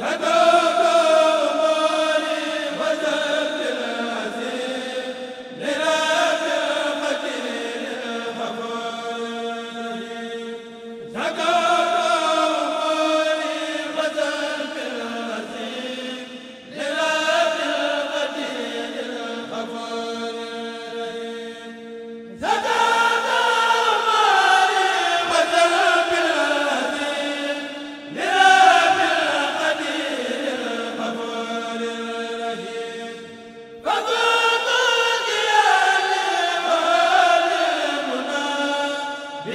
ذبح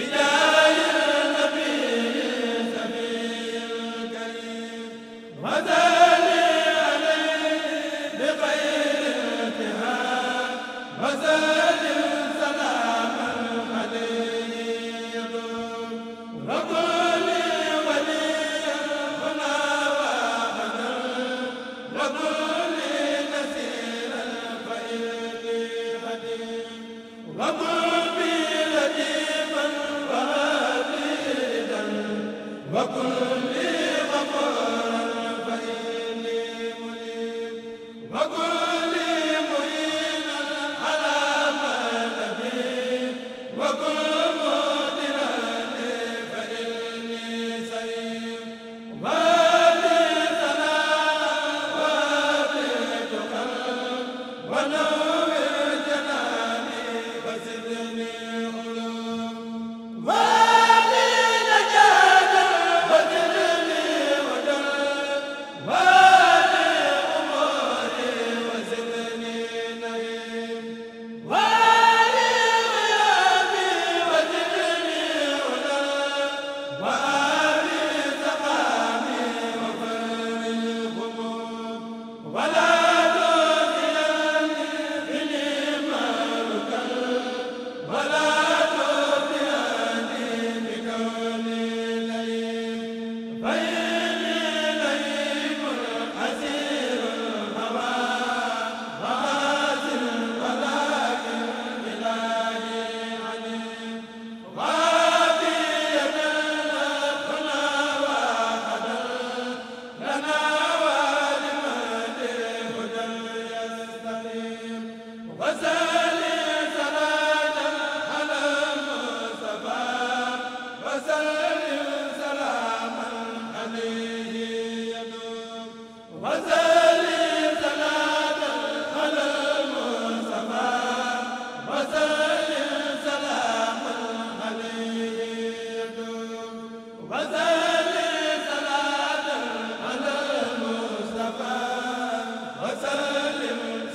illa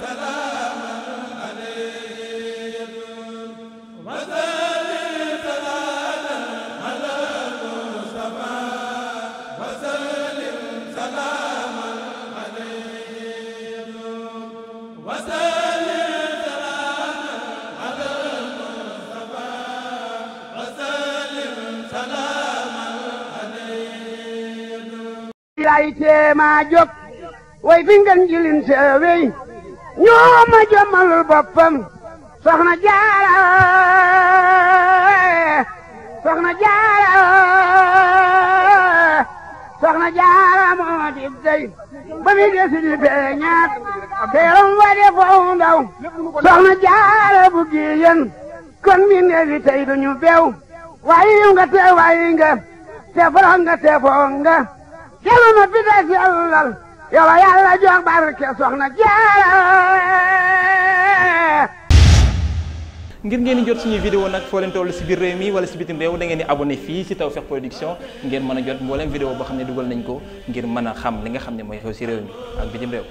salaam lay tee maa jóg way fi ngeen jilin seewey ñoo ma jommalul boppam soxna jaara soxna jaara jaara moo di dey ba mi desi di feeñaat teeram wa de foofu ndaw soxna jaara bu giyen kon mi neefi tey duñu bew waayi te waayi te forox te foog jalu ma fi des yàllal yàlla yàlla barke soxna jaara ngir ngeen jot suñu vidéo nag foo leen toll si biir réew mi wala si bitim réew da ngeen di abonné fii si taw Tawfekh Production ngeen mën a jot mbooleem vidéo boo xam ne dugal nañ ko ngir mën a xam li nga xam ne mooy xew si réew mi ak bitim réew